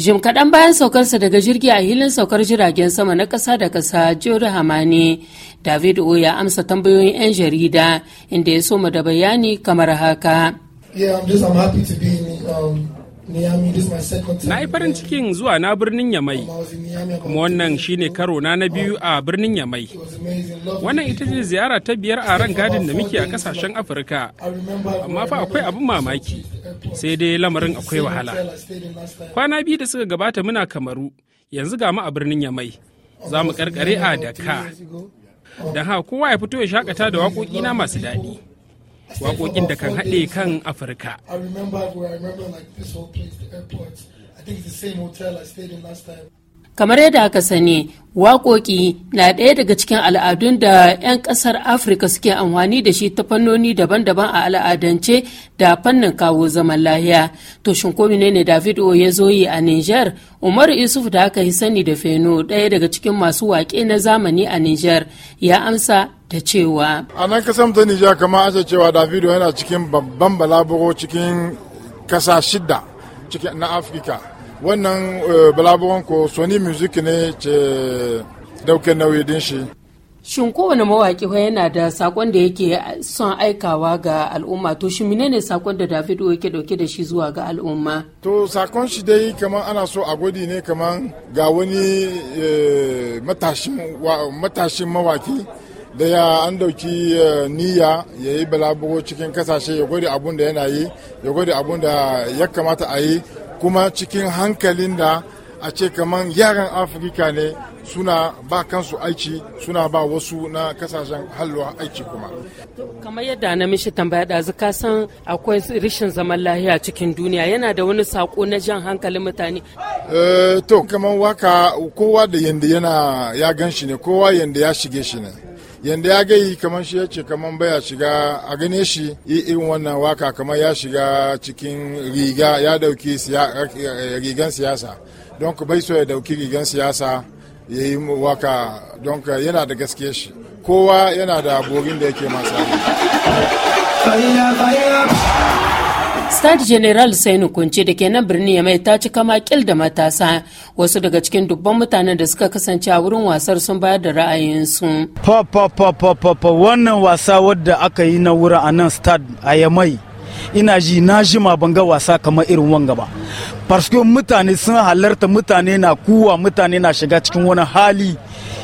Jim kaɗan bayan saukarsa daga jirgi a hilin saukar jiragen sama na ƙasa da ƙasa Jori Hamani, David O ya amsa tambayoyin 'yan jarida inda ya soma da bayani kamar haka. Um, na yi farin cikin zuwa na birnin Yamai, kuma wannan shine karo na na biyu a birnin Yamai. Wannan ita ce ziyara ta biyar a ran gadin da muke a kasashen Afirka, amma fa akwai abin mamaki. sai dai lamarin akwai wahala kwana biyu da suka gabata muna kamaru yanzu ga mu a birnin yamai za mu karkare a daka don haka kowa ya fito ya shakata da waƙoƙi na masu daɗi waƙoƙin da kan haɗe kan afirka kamar yadda aka sani waƙoƙi na ɗaya daga cikin al'adun da 'yan ƙasar afirka suke amfani da shi ta fannoni daban-daban a al'adance da fannin kawo zaman lahiya to shin ko ne david o ya zo yi a niger umaru yusuf da aka yi sani da feno ɗaya daga cikin masu waƙe na zamani a niger ya amsa da cewa a nan kasar ta niger kamar an cewa davido yana cikin babban balaburo cikin kasa shida na afirka wannan eh, balabuwan ko sony music ne ce dauke nauyi din shi shin kowane mawaki mawaƙi yana da sakon da yake son aikawa ga al'umma to shi menene sakon da david yake dauke da shi zuwa ga al'umma to sakon shi dai kamar ana so a gwadi ne kamar ga wani eh, matashin mawaki da ya an dauki eh, niyya ya yi balabugo cikin kasashe ya gwada abun da yana yi ya gwada abun da ya kamata a yi kuma cikin hankalin da a ce kamar yaran afirka ne suna ba kansu aiki suna ba wasu na kasashen halluwa aiki kuma kamar yadda na mishi tambaya ɗazu ka san akwai rishin zaman lahiya cikin duniya yana da wani sako na jan hankalin mutane eh, to kamar waka kowa da yanda yana ya gan shi ne kowa yanda ya shige shi ne yanda ya gai kamar shi ya ce kamar baya shiga a gane shi irin wannan waka kamar ya shiga cikin riga ya dauki eh, rigan siyasa don ku bai so ya dauki rigan siyasa ya yi waka don yana da gaske shi kowa yana da borin da yake masa Stade General Sainu Kunce da ke nan birni ya mai ta ci kama kil da matasa wasu daga cikin dubban mutanen da suka kasance a wurin wasar sun bayar da ra'ayinsu. Pa pa pa pa pa wannan wasa wadda aka yi na wuri a nan stade a Yamai ina ji na jima ban ga wasa kamar irin wanga ba parce mutane sun halarta mutane na kuwa mutane na shiga cikin wani hali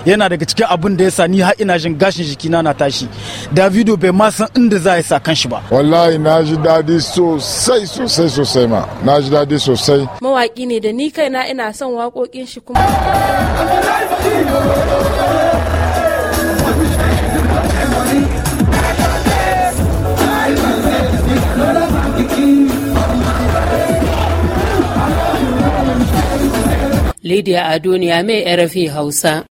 yana daga cikin abin da ya sa ni har ina jin gashin jiki na tashi davido bai ma san inda za yi sa kan shi ba wallahi na ji daɗi sosai sosai sosai ma na ji daɗi sosai mawaki ne da ni kaina ina son waƙoƙin shi kuma Lydia Adoniya mai RFI Hausa.